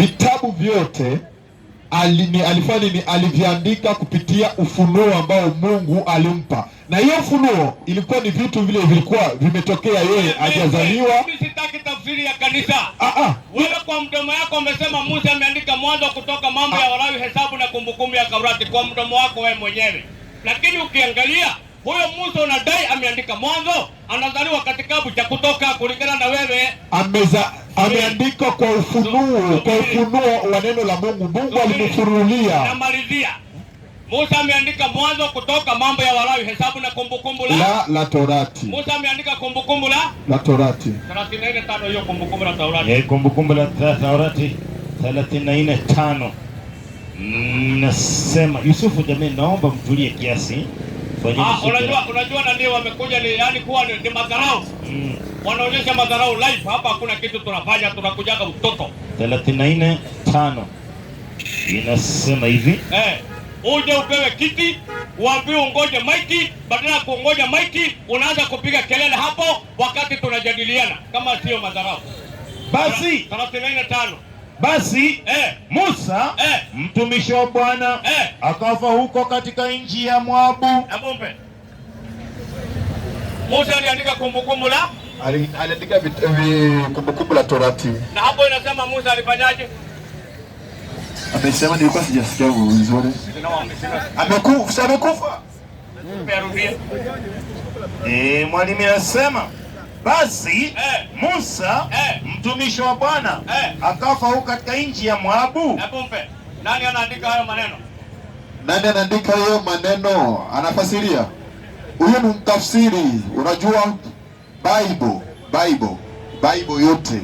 vitabu vyote alini, alifanya ni aliviandika kupitia ufunuo ambao Mungu alimpa, na hiyo ufunuo ilikuwa ni vitu vile vilikuwa vimetokea yeye hajazaliwa. Sitaki tafsiri ya kanisa. Ah, ah. Wewe kwa mdomo yako umesema Musa ameandika Mwanzo, Kutoka, mambo ya ah. Walawi, Hesabu na Kumbukumbu ya Torati kwa mdomo wako wewe mwenyewe, lakini ukiangalia huyo Musa unadai ameandika Mwanzo, anazaliwa katika kitabu cha Kutoka kulingana na wewe ameza ameandika kwa ufunuo, kwa ufunuo wa neno la Mungu. Mungu alimfunulia Musa ameandika Mwanzo, Kutoka, Mambo ya Walawi, Hesabu na Kumbukumbu la, la, Torati. Musa ameandika Kumbukumbu la la Torati 34:5. Hiyo Kumbukumbu la Torati eh, Kumbukumbu la Torati 34:5 mm, nasema Yusufu, jamani, naomba mtulie kiasi. Ah, unajua unajua, nani wamekuja ni yani kuwa ni, ni madharau mm wanaonyesha madharau live hapa, hakuna kitu tunafanya, tunakujaga mtoto. 34 inasema hivi eh, uje upewe kiti, uambi ungoje maiki. Badala ya kuongoja maiki, unaanza kupiga kelele hapo wakati tunajadiliana, kama sio madharau. Basi 34 basi eh, Musa eh, mtumishi wa Bwana eh, akafa huko katika nchi ya Moabu. Musa aliandika Kumbukumbu la aliandika Kumbukumbu la Torati. Na hapo inasema Musa alifanyaje? Amesema nilikuwa sijasikia vizuri. Amekufa, amekufa. Eh, mwalimu anasema basi eh, Musa eh, mtumishi wa Bwana eh, akafa huko katika nchi ya Moabu. Nani anaandika hayo maneno? Nani anaandika hayo maneno? Anafasiria. Huyo ni mtafsiri, unajua Bible, Bible, Bible yote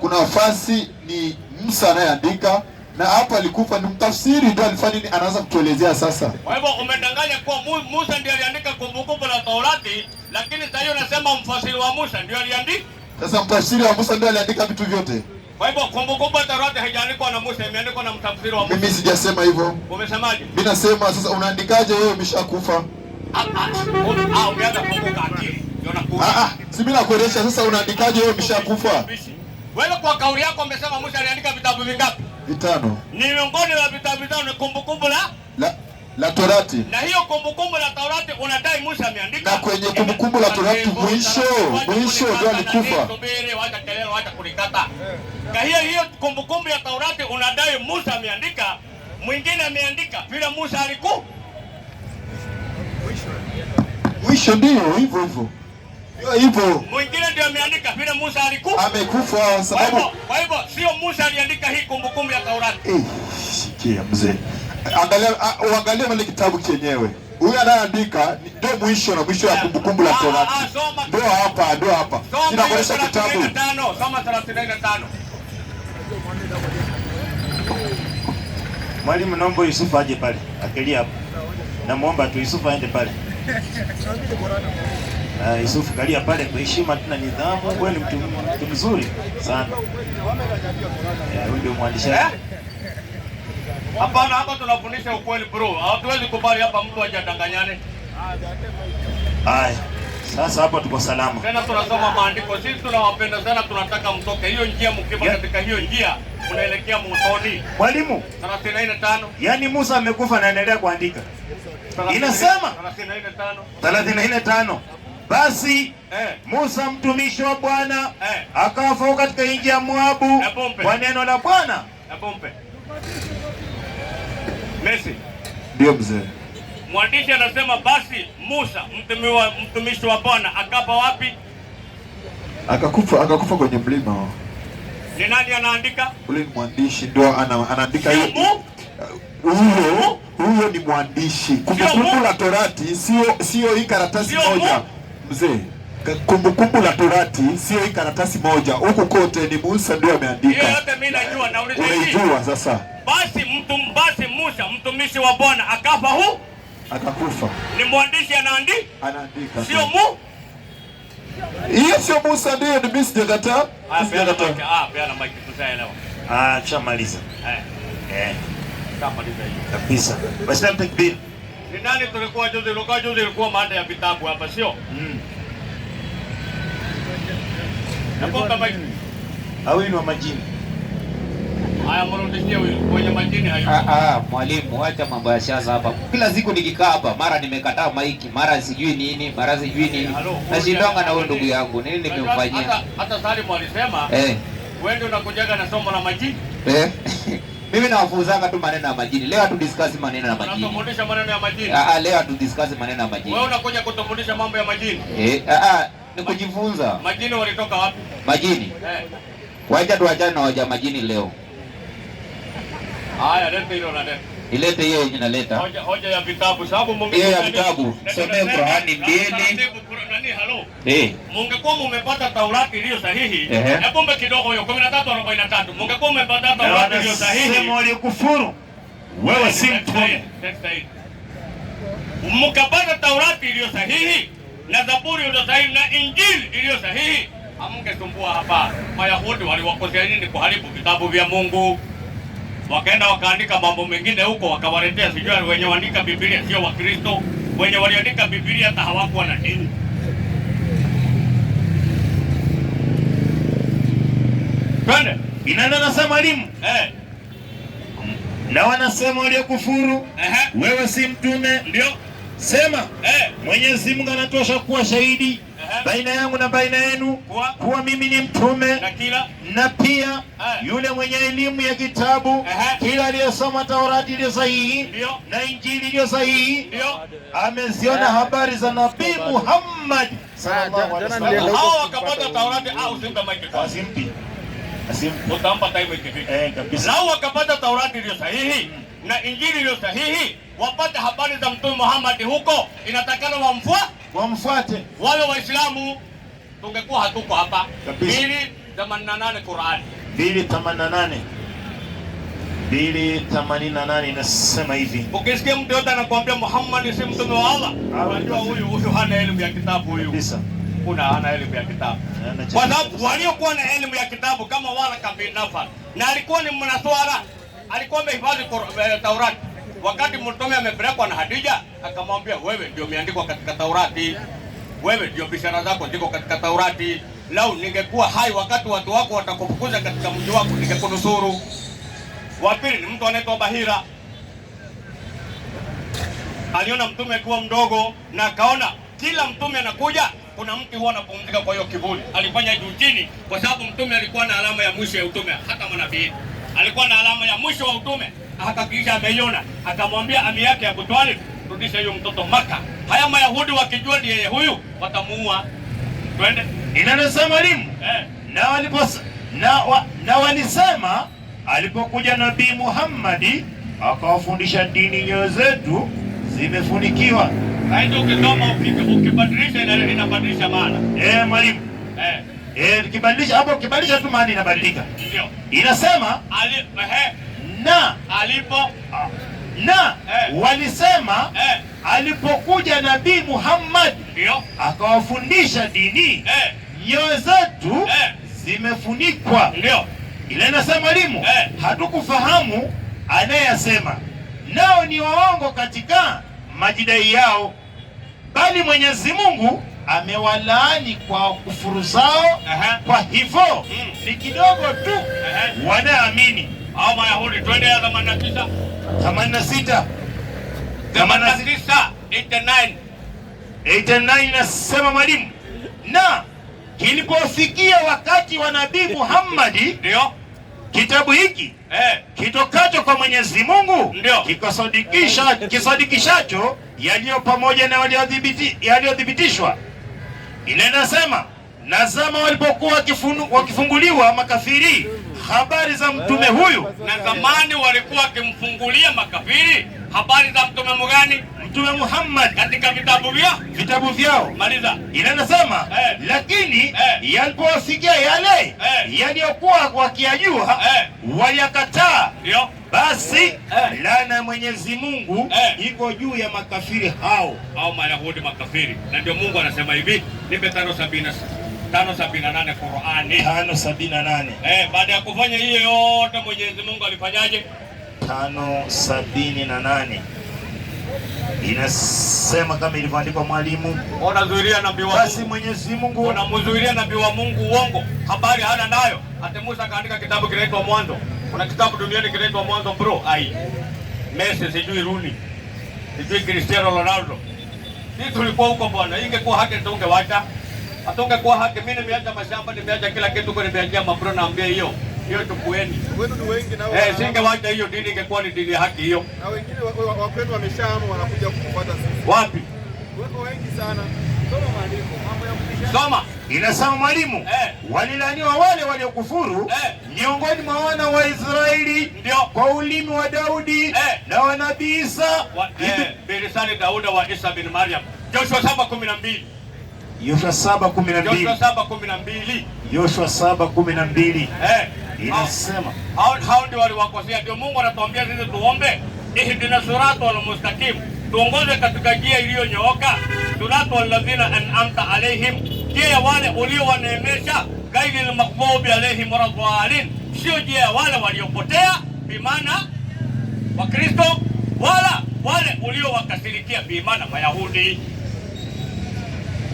kuna fasi ni Musa anayeandika na hapa alikufa ni mtafsiri ndio alifanya nini, anaanza kutuelezea sasa. Kwa hivyo umedanganya kuwa Musa ndiye aliandika kumbukumbu la Taurati, lakini sasa hiyo unasema mfasiri wa Musa ndio aliandika. Sasa mtafsiri wa Musa ndio aliandika vitu vyote. Kwa hivyo kumbukumbu la Taurati haijaandikwa na Musa, imeandikwa na mtafsiri wa Musa. Mimi sijasema hivyo. Umesemaje? Mimi nasema sasa unaandikaje wewe umeshakufa? Ah, ah, ah, ah umeanza kufunguka akili. Ah, ah, si bila kuonesha. Sasa unaandikaje wewe umeshakufa? Wewe kwa kauli yako umesema Musa aliandika vitabu vingapi? Vitano. Ni miongoni mwa vitabu vitano ni kumbukumbu la la, la Torati. Na hiyo kumbukumbu la Torati unadai Musa ameandika. Na kwenye kumbukumbu la Torati mwisho, mwisho ndio alikufa. Subiri wacha kelele wacha kulikata. Kwa hiyo hiyo kumbukumbu ya Torati unadai Musa ameandika, mwingine ameandika bila Musa alikufa. Mwisho ndio hivyo hivyo ipo mwingine ndio ameandika vile Musa alikufa, amekufa sababu. Kwa hivyo sio Musa aliandika hii kumbukumbu ya Taurati. Eh, sikia mzee, angalia uangalie mali kitabu chenyewe. Huyu anayeandika ndio mwisho na mwisho ya kumbukumbu la ah, ah, Taurati. Ndio hapa, ndio hapa. Ninakuonyesha kitabu. Soma 35. Mwalimu, naomba Yusufu aje pale. Akilia hapo. Namuomba tu Yusufu aende pale. Uh, Yusufu kalia pale kwa heshima tuna nidhamu, kweli mtu mtu mzuri sana. Eh, huyu ndio mwandishi. Hapana, hapa tunafundisha ukweli bro. Hatuwezi kubali hapa mtu ajadanganyane. Haya. Sasa hapa tuko salama. Tena tunasoma maandiko. Sisi tunawapenda sana, tunataka mtoke hiyo njia, mkiwa yeah. katika hiyo njia unaelekea motoni. Mwalimu, 34:5. Yaani Musa amekufa na anaendelea kuandika. Inasema 34:5. 35. Basi eh, Musa mtumishi wa Bwana eh, akafa katika nchi ya Moabu kwa neno la Bwana. Ndio mzee mwandishi anasema, basi Musa mtumishi wa mtumishi wa Bwana akapa wapi? Akakufa, akakufa kwenye mlima. Ni nani anaandika? Ule ni mwandishi ndio anaandika hiyo. Uh, huyo huyo ni mwandishi. Kumbukumbu la Torati sio sio hii karatasi moja. Mzee, Kumbukumbu kumbu la Torati sio hii karatasi moja, huku kote ni Musa ndio ameandika. Yote mimi najua, nauliza unaijua sasa. Basi mtu mbasi Musa mtumishi wa Bwana akafa, huu akakufa, ni mwandishi anaandika, anaandika sio mu hiyo sio Musa ndio ni mimi sijakataa. Ah, peana mike. Ah, peana mike tutaelewa. Ah, chamaliza. Eh. Eh. Kama ndio kabisa. Basi tamtakbiri. Ni nani tulikuwa juzi? Ilikuwa juzi ilikuwa mada ya vitabu hapa, sio? Mm. Nakumbuka maji. Hawino majini. Haya mrudishie huyo kwenye majini hayo. Ah ah, mwalimu acha mambo ya siasa hapa. Kila siku nikikaa hapa mara nimekataa maiki, mara sijui nini, mara sijui nini. Nashindonga na wewe ndugu yangu. Nini nimemfanyia? Hata hata Salim alisema eh. Wewe ndio unakujaga na somo la majini? Eh. Mimi nawafuzanga tu maneno ya majini. Leo tu discuss maneno ya majini. Tunafundisha maneno ya majini. Ah, ah leo tu discuss maneno ya majini. Wewe unakuja kutufundisha mambo ya majini? Eh, ah, ah, ni kujifunza. Majini walitoka wapi? Majini. Eh. Wacha tuachane na hoja majini leo. Haya, leo ndio na leo. Ilete hiyo yenye naleta. Hoja hoja ya vitabu sababu Mungu ya vitabu. Somee Qur'ani mbili. Eh. Mungekuwa mmepata Taurati iliyo sahihi. Hebu mbe kidogo hiyo 13:43. Mungekuwa mmepata Taurati iliyo sahihi. Sema waliokufuru, Wewe si mtume. Mkapata Taurati iliyo sahihi na Zaburi iliyo sahihi na Injili iliyo sahihi. Hamngesumbua hapa. Mayahudi waliwakosea nini kuharibu vitabu vya Mungu? wakaenda wakaandika mambo mengine huko, wakawaletea sijui wenye waandika Biblia sio Wakristo, wenye waliandika Biblia hata hawakuwa na dini. Twende. Inaenda nasema elimu eh, na wanasema waliokufuru wewe si mtume. Ndio sema eh, Mwenyezi Mungu anatosha kuwa shahidi baina yangu na baina yenu kuwa mimi ni mtume na pia eh. yule mwenye elimu ya kitabu, kila aliyosoma Taurati iliyo sahihi na Injili iliyo sahihi ameziona eh. habari za Nabii eh, Muhammad sallallahu alaihi wasallam. Hao wakapata Taurati au simpi wakapata Taurati iliyo sahihi mm. na Injili iliyo sahihi, wapate habari za Mtume Muhammad, huko inatakana wamfua wamfuate wale Waislamu, tungekuwa hatuko hapa. 288 Qurani 288 288 inasema hivi, ukisikia mtu yote anakuambia Muhammad si mtume wa Allah, ah, unajua huyu huyu hana elimu ya kitabu huyu kabisa. Kuna hana elimu ya kitabu, kwa sababu waliokuwa na elimu ya kitabu kama wala kabinafa na alikuwa ni mwanaswara, alikuwa amehifadhi eh, Taurati Wakati mtume amepelekwa na Hadija, akamwambia wewe ndio umeandikwa katika Taurati, wewe ndio bishara zako ziko katika Taurati. Lau ningekuwa hai wakati watu wako watakufukuza katika mji wako, ningekunusuru. Wa pili ni mtu anaitwa Bahira. Aliona mtume akiwa mdogo na akaona kila mtume anakuja kuna mti huwa anapumzika, kwa hiyo kivuli alifanya juu chini, kwa sababu mtume alikuwa na alama ya mwisho ya utume. Hata mwanabii alikuwa na alama ya mwisho wa utume akakisha ameiona, akamwambia ami yake ya kutwali, rudisha hiyo mtoto Maka. Haya Mayahudi wakijua ni yeye huyu watamuua. Twende inanasema mwalimu eh. na waliposa na, wa, na walisema alipokuja Nabii Muhammadi akawafundisha dini, nyoyo zetu zimefunikiwa. Haidi ukisoma ukibadilisha ina inabadilisha maana eh, mwalimu eh, eh, ukibadilisha hapo, ukibadilisha tu maana inabadilika. Ndio inasema ali, he, na alipo ah. na eh, walisema eh, alipokuja Nabii Muhammad akawafundisha dini eh, nyoyo zetu eh, zimefunikwa. Ndio ile nasema elimu eh, hatukufahamu anayesema nao ni waongo katika majidai yao, bali Mwenyezi Mungu amewalaani kwa kufuru zao. Kwa hivyo mm, ni kidogo tu wanaamini au Mayahudi? Twende ya 89 nasema mwalimu, na kilipofikia wakati wa Nabii Muhammadi ndio kitabu hiki eh, kitokacho kwa Mwenyezi Mungu kikasadikisha kisadikishacho yaliyo pamoja na yaliyodhibitishwa. Inaenda sema, nazama walipokuwa wakifunguliwa makafiri habari za mtume huyu, na zamani walikuwa wakimfungulia makafiri habari za mtume mgani? Mtume Muhammad katika vitabu vya vitabu vyao. Maliza. Ila nasema eh, lakini eh, yalipowafikia yale eh, yaliyokuwa wakiyajua eh, waliyakataa basi eh, laana Mwenyezi Mungu eh, iko juu ya makafiri hao au Mayahudi makafiri, na ndio Mungu anasema hivi nipe tano sabini 578 Qur'ani 578. Eh, baada ya kufanya hiyo yote Mwenyezi Mungu alifanyaje? 578 inasema kama ilivyoandikwa mwalimu, unazuilia nabii wa Mungu, basi Mwenyezi Mungu unamzuilia nabii wa Mungu uongo, habari hana nayo. Hata Musa kaandika kitabu kinaitwa Mwanzo. Kuna kitabu duniani kinaitwa Mwanzo bro, ai Messi, sijui Rooney, sijui Cristiano Ronaldo. Sisi tulikuwa huko bwana, ingekuwa haki tungewacha atoke kwa haki. Mimi nimeacha mashamba, nimeacha kila kitu, kwa nimeacha mapro, naambia hiyo hiyo tukueni. Wenu ni wengi na nao. Eh, singewacha hiyo dini ingekuwa ni dini ya haki hiyo. Na wengine wa kwetu wanakuja kufuata sisi. Wapi? Wako wengi sana. Soma maandiko, mambo ya kutisha. Soma. Inasema mwalimu, eh, walilaniwa wale waliokufuru eh. miongoni eh, mwa wana wa Israeli ndio kwa ulimi wa Daudi eh, na wa nabii Isa. Eh, Bilisani Dauda wa Isa bin Maryam. Joshua 7:12. Yoshua 7:12. Yoshua 7:12. Eh, inasema hao ndio waliwakosea. Ndio Mungu anatuambia sisi tuombe ihdina siratal mustaqim, tuongoze katika njia iliyonyooka. Siratal ladhina an'amta alaihim, njia ya wale uliowaneemesha. Ghairil maghdubi alaihim waladhdallin, sio njia ya wale waliopotea, wa Wakristo, wala wale uliowakasirikia, bimana Wayahudi.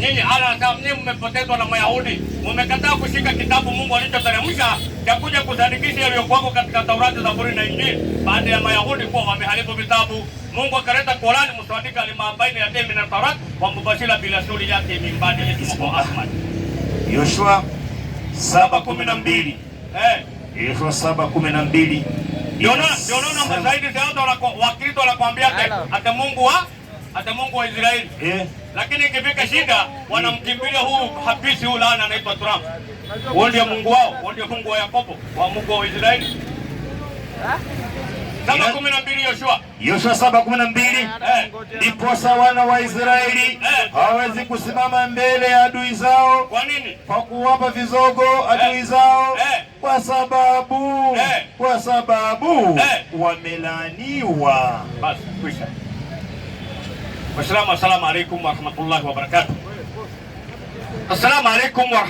Nyinyi alatamni mmepotezwa na Wayahudi, mmekataa kushika kitabu Mungu alichoteremsha cha kuja kusadikisha yaliyokuwako katika Taurati, Zaburi na Injili, baada ya Wayahudi kuwa wameharibu vitabu. Mungu akaleta Korani mswadika limaabaini ya demi na Taurati kwa mubashira bila suri yake mimbadi yetu Ahmad. Yoshua 7:12. Eh, Yoshua 7:12. yes. ndio ndio, ndio zaidi zaidi, Wakristo wanakuambia ati Mungu wa hata Mungu wa Israeli yeah. Lakini ikifika shida wanamkimbilia huu hapisi huu laana anaitwa Trump. Wao ndio Mungu wao, wao ndio Mungu wa Yakobo, wa Mungu wa Israeli. Saba kumi na mbili Yoshua. Yoshua saba kumi na mbili eh. Ndiposa wana wa Israeli eh. hawawezi kusimama mbele ya adui zao. Kwa nini? Kwa kuwapa vizogo adui eh. zao kwa sababu kwa sababu wamelaaniwa. Basi kwisha. Waislamu, assalamu alaikum warahmatullahi wabarakatuh. Assalamu alaikum.